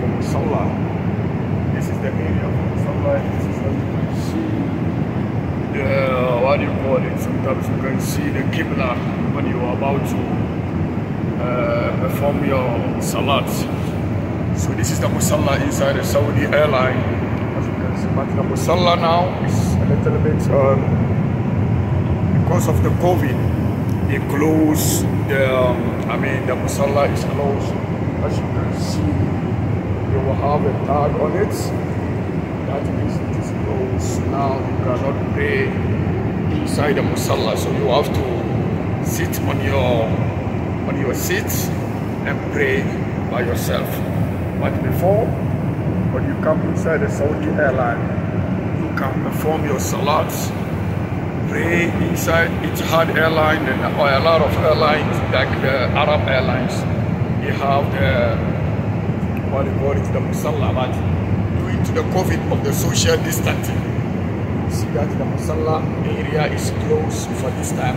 from the solar. This is the area from the solar. This is what you can see. The, what do you call it? Sometimes you can see the Qibla when you are about to uh, perform your salat. So this is the Musalla inside the Saudi airline. As you can see, but the Musalla now is a little bit, um, because of the COVID, they close the, um, I mean, the Musalla is closed. As you can see, will have a tag on it. That means it is closed. Now you cannot pray inside the musalla, so you have to sit on your on your seat and pray by yourself. But before, when you come inside the Saudi airline, you can perform your salats pray inside each hard airline and a lot of airlines like the Arab airlines. They have the Muhammadu to the Musalla due to the COVID of the social distancing. See that the Musalla area is closed for this time.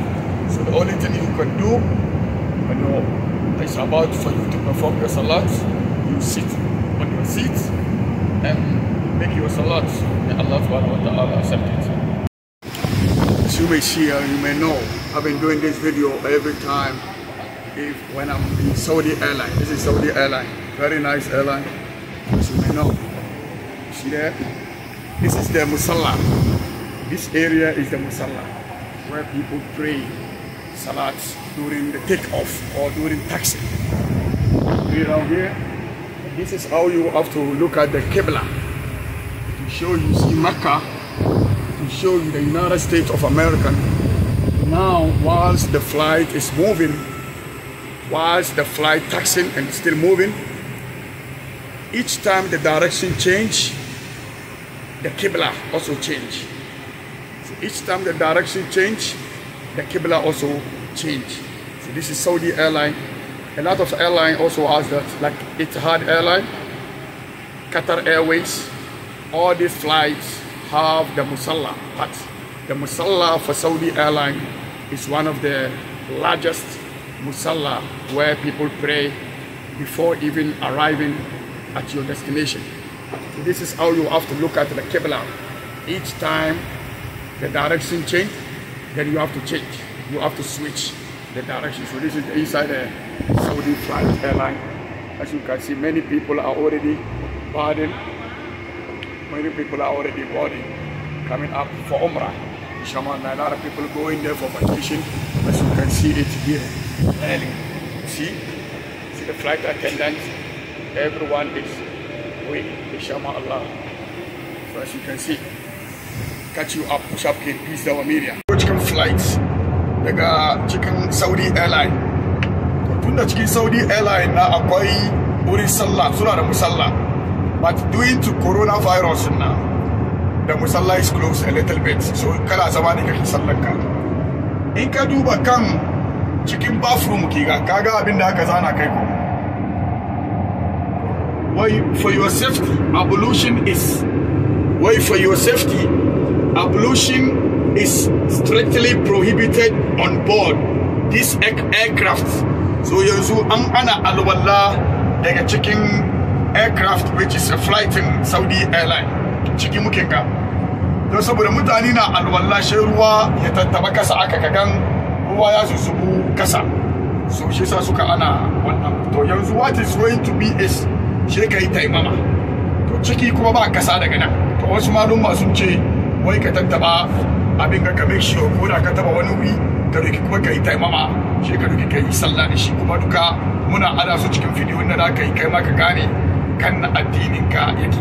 So the only thing you can do when you it's about for you to perform your salat, you sit on your seat and make your salat. May Allah accept it. As you may see you may know, I've been doing this video every time if when I'm in Saudi Airlines. This is Saudi Airlines. Very nice airline, as you may know. see there? This is the Musalla. This area is the Musalla, where people pray salats during the takeoff or during taxi. Way down here, this is how you have to look at the Qibla. To show you see Mecca, to show you the United States of America. Now, whilst the flight is moving, whilst the flight taxing and still moving, each time the direction change the Qibla also change so each time the direction change the Qibla also change so this is Saudi airline a lot of airline also has that like Etihad airline Qatar Airways all these flights have the Musalla but the Musalla for Saudi airline is one of the largest Musalla where people pray before even arriving at your destination. This is how you have to look at the Qibla. Each time the direction change, then you have to change. You have to switch the direction. So this is inside the Saudi flight airline. As you can see, many people are already boarding. Many people are already boarding, coming up for Umrah. Inshallah, a lot of people going there for vacation. As you can see it here, early. See, see the flight attendants everyone is weak, inshallah. So as you can see, catch you up, push up in our Media. Cikin flights daga cikin Saudi Airline. Tun da cikin Saudi Airline na akwai wurin sallah suna da musalla. But due to coronavirus na the musalla is closed a little bit. So kala zamani ne kake sallanka. In ka duba kan cikin bathroom kiga kaga abinda aka zana kai ko. Why for your safety, abolition is. Why for your safety, abolition is strictly prohibited on board this aircraft. So you yanzu an ana alwala daga checking aircraft which is a flight in Saudi airline. Ciki muke ka. sabo saboda mutane na alwala shi ruwa ya tattaba kasa aka kagan ruwa ya zuzubu kasa. So she sa suka ana wannan. To yanzu what is going to be is shi ka yi taimama to ciki kuma ba kasa daga nan to wasu malumma sun ce wai ka tattaba abin ka kamar shi ko da ka taba wani wuri ka doki kuma ka yi taimama shi ka doki ka yi sallah da shi kuma duka muna ada su cikin na da za ka yi kai ma ka gane kan addinin ka yake